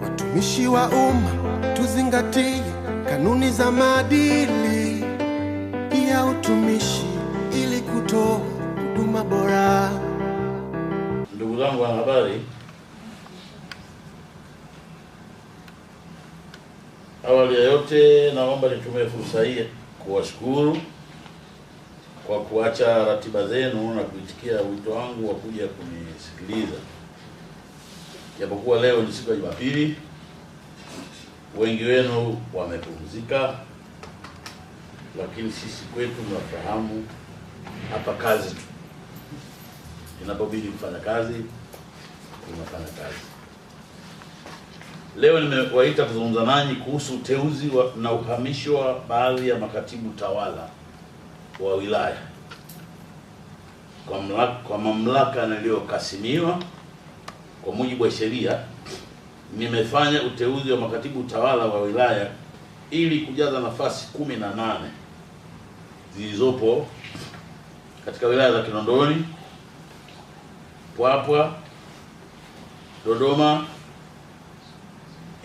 Watumishi wa umma tuzingatie kanuni za maadili ya utumishi ili kutoa huduma bora. Ndugu zangu wanahabari, awali ya yote, naomba nitumie fursa hii kuwashukuru kwa kuacha ratiba zenu na kuitikia wito wangu wa kuja kunisikiliza. Japokuwa leo ni siku ya Jumapili, wengi wenu wamepumzika, lakini sisi kwetu mnafahamu hapa kazi tu, inapobidi kufanya kazi tunafanya kazi. Leo nimewaita kuzungumza nanyi kuhusu uteuzi na uhamisho wa baadhi ya makatibu tawala wa wilaya kwa mamlaka, kwa mamlaka niliyokasimiwa kwa mujibu wa sheria, nimefanya uteuzi wa makatibu utawala wa wilaya ili kujaza nafasi kumi na nane zilizopo katika wilaya za Kinondoni, Mpwapwa, Dodoma,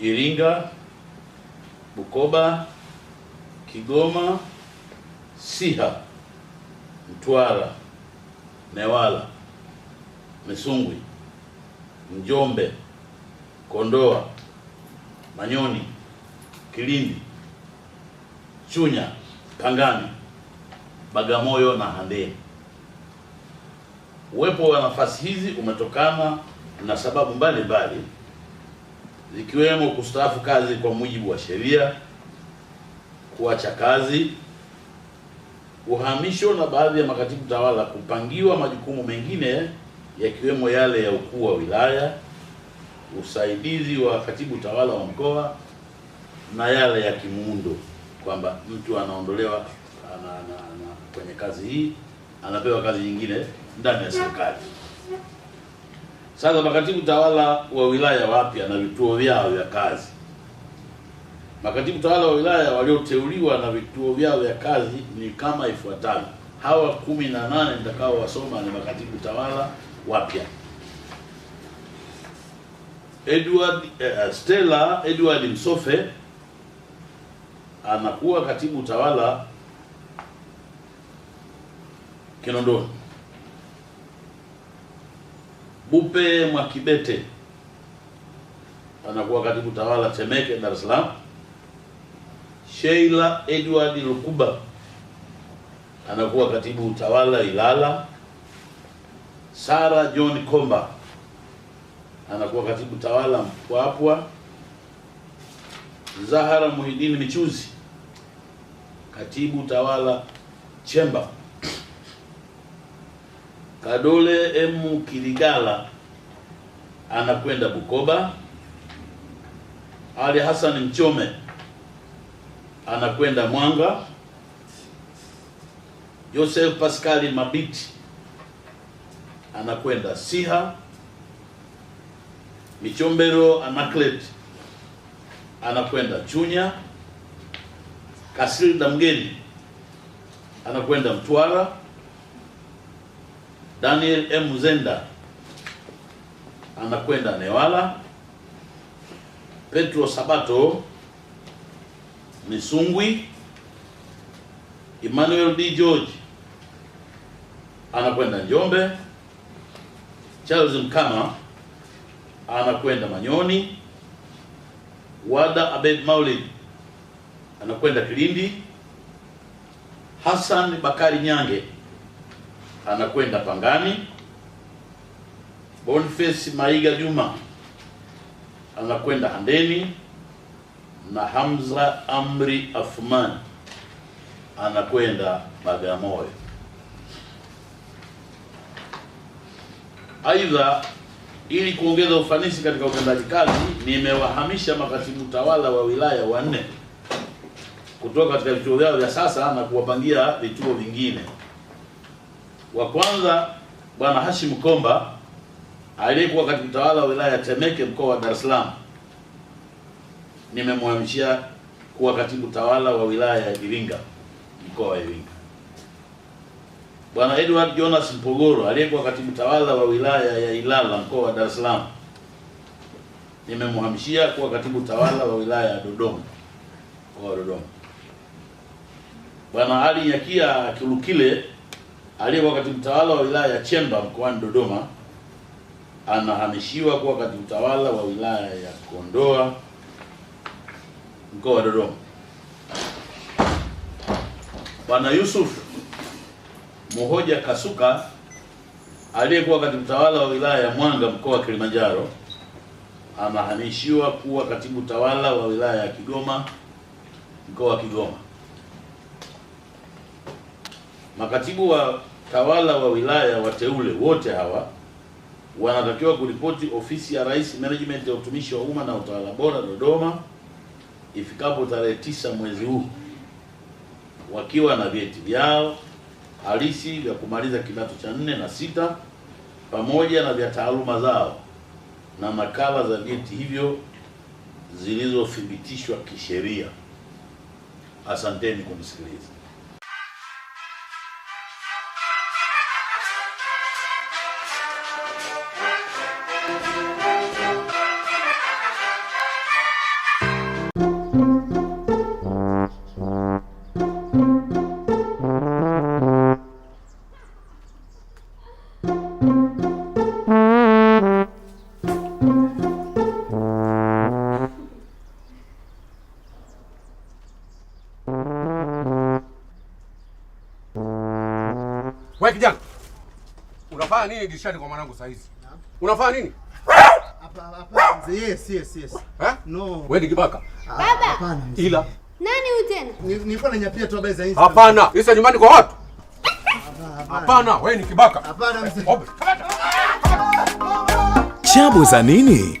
Iringa, Bukoba, Kigoma Siha, Mtwara, Newala, Misungwi, Njombe, Kondoa, Manyoni, Kilindi, Chunya, Pangani, Bagamoyo na Handeni. Uwepo wa nafasi hizi umetokana na sababu mbalimbali zikiwemo kustaafu kazi kwa mujibu wa sheria, kuacha kazi uhamisho na baadhi ya makatibu tawala kupangiwa majukumu mengine yakiwemo yale ya ukuu wa wilaya, usaidizi wa katibu tawala wa mkoa na yale ya kimuundo, kwamba mtu anaondolewa ana, ana, ana, kwenye kazi hii anapewa kazi nyingine ndani ya serikali. Sasa makatibu tawala wa wilaya wapya na vituo vyao vya kazi Makatibu tawala wa wilaya walioteuliwa na vituo vyao vya kazi ni kama ifuatavyo. Hawa kumi na nane nitakao wasoma ni makatibu tawala wapya: Edward eh, eh Stella Edward Msofe anakuwa katibu tawala Kinondoni. Bupe Mwakibete anakuwa katibu tawala Temeke, Dar es Salaam. Sheila Edward Lukuba anakuwa katibu utawala Ilala. Sara John Komba anakuwa katibu tawala Mpwapwa. Zahara Muhidini Michuzi katibu tawala Chemba. Kadole M Kiligala anakwenda Bukoba. Ali Hassan Mchome anakwenda Mwanga. Joseph Pascal Mabiti anakwenda Siha. Michombero Anaclet anakwenda Chunya. Kasilda Mgeni anakwenda Mtwara. Daniel M. Mzenda anakwenda Newala. Petro Sabato Misungwi Emmanuel D. George anakwenda Njombe, Charles Mkama anakwenda Manyoni, Wada Abed Maulid anakwenda Kilindi, Hassan Bakari Nyange anakwenda Pangani, Boniface Maiga Juma anakwenda Handeni na Hamza Amri Athman anakwenda Bagamoyo. Aidha, ili kuongeza ufanisi katika utendaji kazi, nimewahamisha makatibu tawala wa wilaya wanne kutoka katika vituo vyao vya sasa na kuwapangia vituo vingine. Wa kwanza Bwana Hashim Komba aliyekuwa katibu tawala wa wilaya ya Temeke mkoa wa Dar es Salaam nimemhamishia kuwa katibu tawala wa wilaya ya Iringa, mkoa wa Iringa. Bwana Edward Jonas Mpogoro aliyekuwa katibu tawala wa wilaya ya Ilala, mkoa wa Dar es Salaam, nimemhamishia kuwa katibu tawala wa wilaya ya Dodoma, mkoa wa Dodoma. Bwana Ali Nyakia Kilukile aliyekuwa katibu tawala wa wilaya ya Chemba mkoani Dodoma anahamishiwa kuwa katibu tawala wa wilaya ya Kondoa mkoa wa Dodoma. Bwana Yusuf Muhoja Kasuka aliyekuwa katibu tawala wa wilaya ya Mwanga mkoa wa Kilimanjaro amehamishiwa kuwa katibu tawala wa wilaya ya Kigoma mkoa wa Kigoma. Makatibu wa tawala wa wilaya wateule wote hawa wanatakiwa kuripoti ofisi ya Rais, Management ya utumishi wa umma na utawala bora Dodoma ifikapo tarehe tisa mwezi huu wakiwa na vyeti vyao halisi vya kumaliza kidato cha nne na sita pamoja na vya taaluma zao na nakala za vyeti hivyo zilizothibitishwa kisheria. Asanteni kunisikiliza. Wewe kijana. Unafanya nini dirishani kwa mwanangu saa hizi? Unafanya nini? Hapa hapa Yes, yes, yes. Eh? No. Wewe ni kibaka. Ah, Baba. Hapana. Ila. Nani huyu tena? Nilikuwa nanyapia tu habari za hizi. Hapana. Hizi nyumbani kwa watu. Hapana, wewe ni kibaka. Hapana mzee. Chabu za nini?